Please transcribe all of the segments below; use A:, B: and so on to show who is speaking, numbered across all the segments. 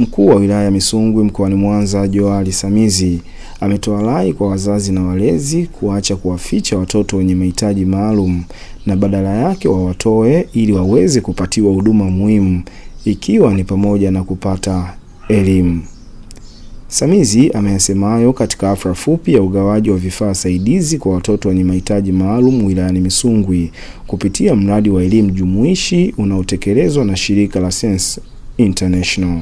A: Mkuu wa wilaya ya Misungwi mkoani Mwanza, joari Samizi ametoa rai kwa wazazi na walezi kuacha kuwaficha watoto wenye mahitaji maalum na badala yake wawatoe ili waweze kupatiwa huduma muhimu ikiwa ni pamoja na kupata elimu. Samizi ameyasema hayo katika hafla fupi ya ugawaji wa vifaa saidizi kwa watoto wenye mahitaji maalum wilayani Misungwi kupitia mradi wa elimu jumuishi unaotekelezwa na shirika la Sense International.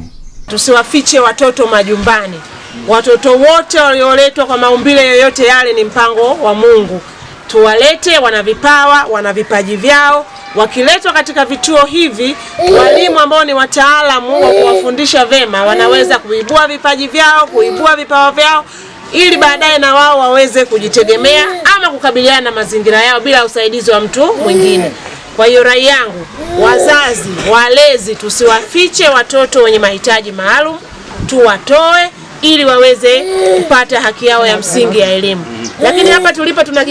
B: Tusiwafiche watoto majumbani. Watoto wote walioletwa kwa maumbile yoyote yale ni mpango wa Mungu. Tuwalete, wana vipawa, wana vipaji vyao. Wakiletwa katika vituo hivi, walimu ambao ni wataalamu wa kuwafundisha vema wanaweza kuibua vipaji vyao, kuibua vipawa vyao ili baadaye na wao waweze kujitegemea ama kukabiliana na mazingira yao bila usaidizi wa mtu mwingine. Kwa hiyo rai yangu Wazazi walezi, tusiwafiche watoto wenye mahitaji maalum, tuwatoe ili waweze kupata haki yao ya msingi ya elimu. Lakini hapa tulipo tuna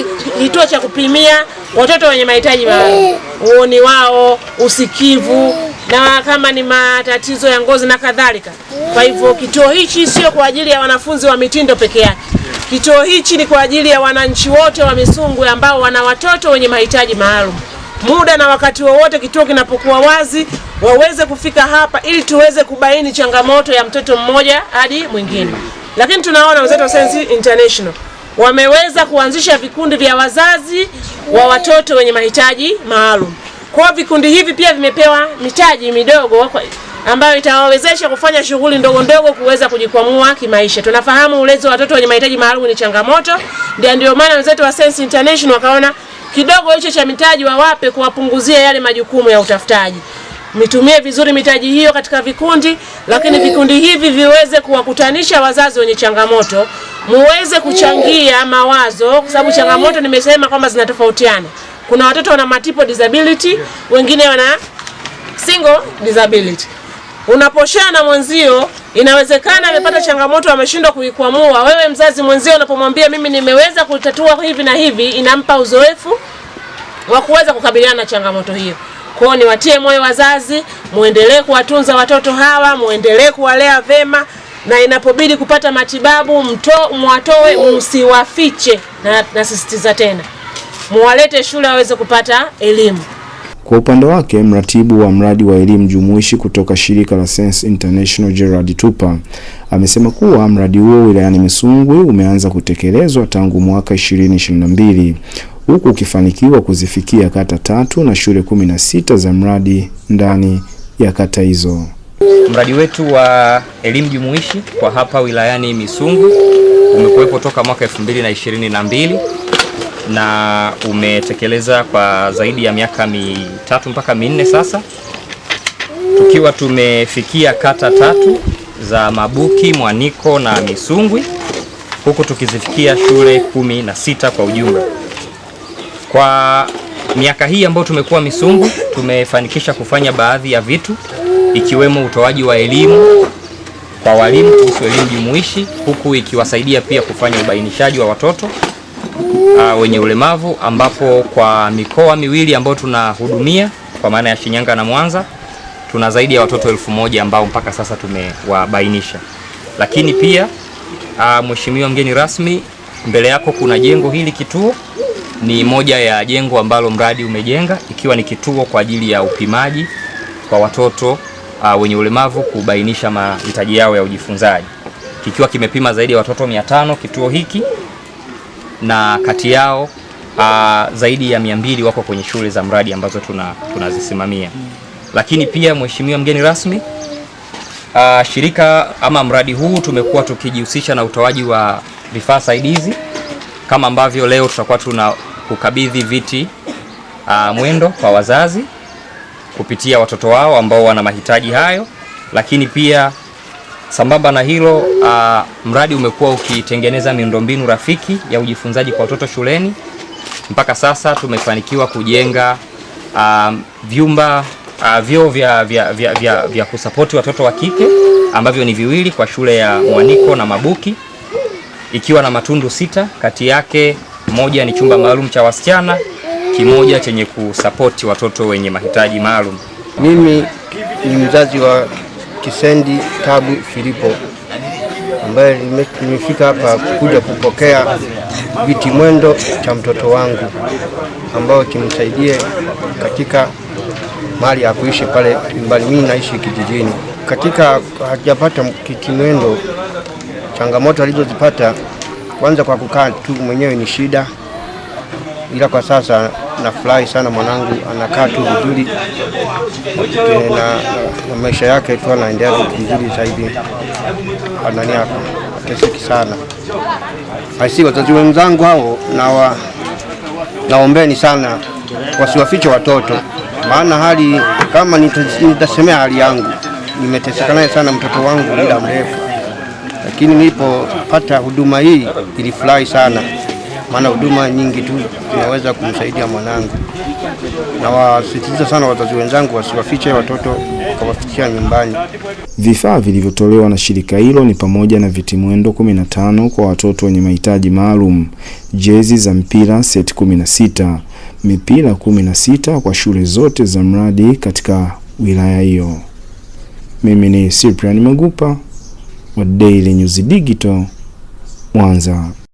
B: kituo cha kupimia watoto wenye mahitaji maalum, uoni wao, usikivu na kama ni matatizo ya ngozi na kadhalika. Kwa hivyo kituo hichi sio kwa ajili ya wanafunzi wa mitindo peke yake. Kituo hichi ni kwa ajili ya wananchi wote wa Misungwi ambao wana watoto wenye mahitaji maalum muda na wakati wowote kituo kinapokuwa wazi waweze kufika hapa ili tuweze kubaini changamoto ya mtoto mmoja hadi mwingine. Lakini tunaona wenzetu wa Science International wameweza kuanzisha vikundi vya wazazi wa watoto wenye mahitaji maalum. Kwa vikundi hivi pia vimepewa mitaji midogo ambayo itawawezesha kufanya shughuli ndogo ndogo kuweza kujikwamua kimaisha. Tunafahamu ulezi wa watoto wenye mahitaji maalum ni changamoto, ndio maana wenzetu wa Sense International wakaona kidogo hicho cha mitaji wawape kuwapunguzia yale majukumu ya utafutaji. Mitumie vizuri mitaji hiyo katika vikundi, lakini vikundi hivi viweze kuwakutanisha wazazi wenye changamoto, muweze kuchangia mawazo, kwa sababu changamoto nimesema kwamba zinatofautiana. Kuna watoto wana multiple disability, wengine wana single disability. Unaposhana mwenzio Inawezekana amepata changamoto ameshindwa kuikwamua. Wewe mzazi mwenzio, unapomwambia mimi nimeweza kutatua hivi na hivi, inampa uzoefu wa kuweza kukabiliana na changamoto hiyo. Kwao niwatie moyo wazazi, muendelee kuwatunza watoto hawa, muendelee kuwalea vema, na inapobidi kupata matibabu mto, mwatoe, msiwafiche. Na nasisitiza tena, muwalete shule waweze kupata elimu.
A: Kwa upande wake, mratibu wa mradi wa elimu jumuishi kutoka shirika la Sense International Gerard Tupa amesema kuwa mradi huo wilayani Misungwi umeanza kutekelezwa tangu mwaka 2022 huku ukifanikiwa kuzifikia kata tatu na shule 16 za mradi ndani ya kata hizo.
C: Mradi wetu wa elimu jumuishi kwa hapa wilayani Misungwi umekuwepo toka mwaka 2022 na umetekeleza kwa zaidi ya miaka mitatu mpaka minne sasa, tukiwa tumefikia kata tatu za Mabuki, Mwaniko na Misungwi, huku tukizifikia shule kumi na sita kwa ujumla. Kwa miaka hii ambayo tumekuwa Misungwi, tumefanikisha kufanya baadhi ya vitu ikiwemo utoaji wa elimu kwa walimu kuhusu elimu jumuishi, huku ikiwasaidia pia kufanya ubainishaji wa watoto uh, wenye ulemavu ambapo kwa mikoa miwili ambayo tunahudumia kwa maana ya Shinyanga na Mwanza tuna zaidi ya watoto elfu moja ambao mpaka sasa tumewabainisha. Lakini pia uh, mheshimiwa mgeni rasmi, mbele yako kuna jengo hili, kituo ni moja ya jengo ambalo mradi umejenga ikiwa ni kituo kwa ajili ya upimaji kwa watoto uh, wenye ulemavu kubainisha mahitaji yao ya ujifunzaji kikiwa kimepima zaidi ya watoto 500 kituo hiki na kati yao aa, ah, zaidi ya mia mbili wako kwenye shule za mradi ambazo tunazisimamia tuna lakini pia mheshimiwa mgeni rasmi aa, ah, shirika ama mradi huu tumekuwa tukijihusisha na utoaji wa vifaa saidizi kama ambavyo leo tutakuwa tuna kukabidhi viti aa, ah, mwendo kwa wazazi kupitia watoto wao ambao wana mahitaji hayo, lakini pia Sambamba na hilo uh, mradi umekuwa ukitengeneza miundombinu rafiki ya ujifunzaji kwa watoto shuleni. Mpaka sasa tumefanikiwa kujenga uh, vyumba uh, vyoo vya, vya, vya, vya, vya kusapoti watoto wa kike ambavyo ni viwili kwa shule ya Mwaniko na Mabuki ikiwa na matundu sita, kati yake moja ni chumba maalum cha wasichana, kimoja chenye kusapoti watoto wenye mahitaji maalum.
D: Mimi ni mzazi wa Kisendi Tabu Filipo ambaye nimefika hapa kuja kupokea viti mwendo cha mtoto wangu ambao kimsaidie katika mali ya kuishi pale mbali. Mimi naishi kijijini, katika hajapata mwendo Changamoto alizozipata kwanza, kwa kukaa tu mwenyewe ni shida, ila kwa sasa nafurahi sana, mwanangu anakaa tu vizuri na, na, maisha yake tu anaendea vizuri zaidi, anani hapa ateseki sana. Basi wazazi wenzangu hao nawa naombeni sana wasiwafiche watoto, maana hali kama nitasemea hali yangu, nimeteseka naye sana mtoto wangu muda mrefu, lakini nilipopata huduma hii ilifurahi sana maana huduma nyingi tu zinaweza kumsaidia mwanangu. Nawasisitiza sana wazazi wenzangu wasiwafiche watoto wakawafikia nyumbani.
A: Vifaa vilivyotolewa na shirika hilo ni pamoja na viti mwendo 15 kwa watoto wenye mahitaji maalum, jezi za mpira seti 16, mipira 16 kwa shule zote za mradi katika wilaya hiyo. Mimi ni Cyprian Magupa wa Daily News Digital Mwanza.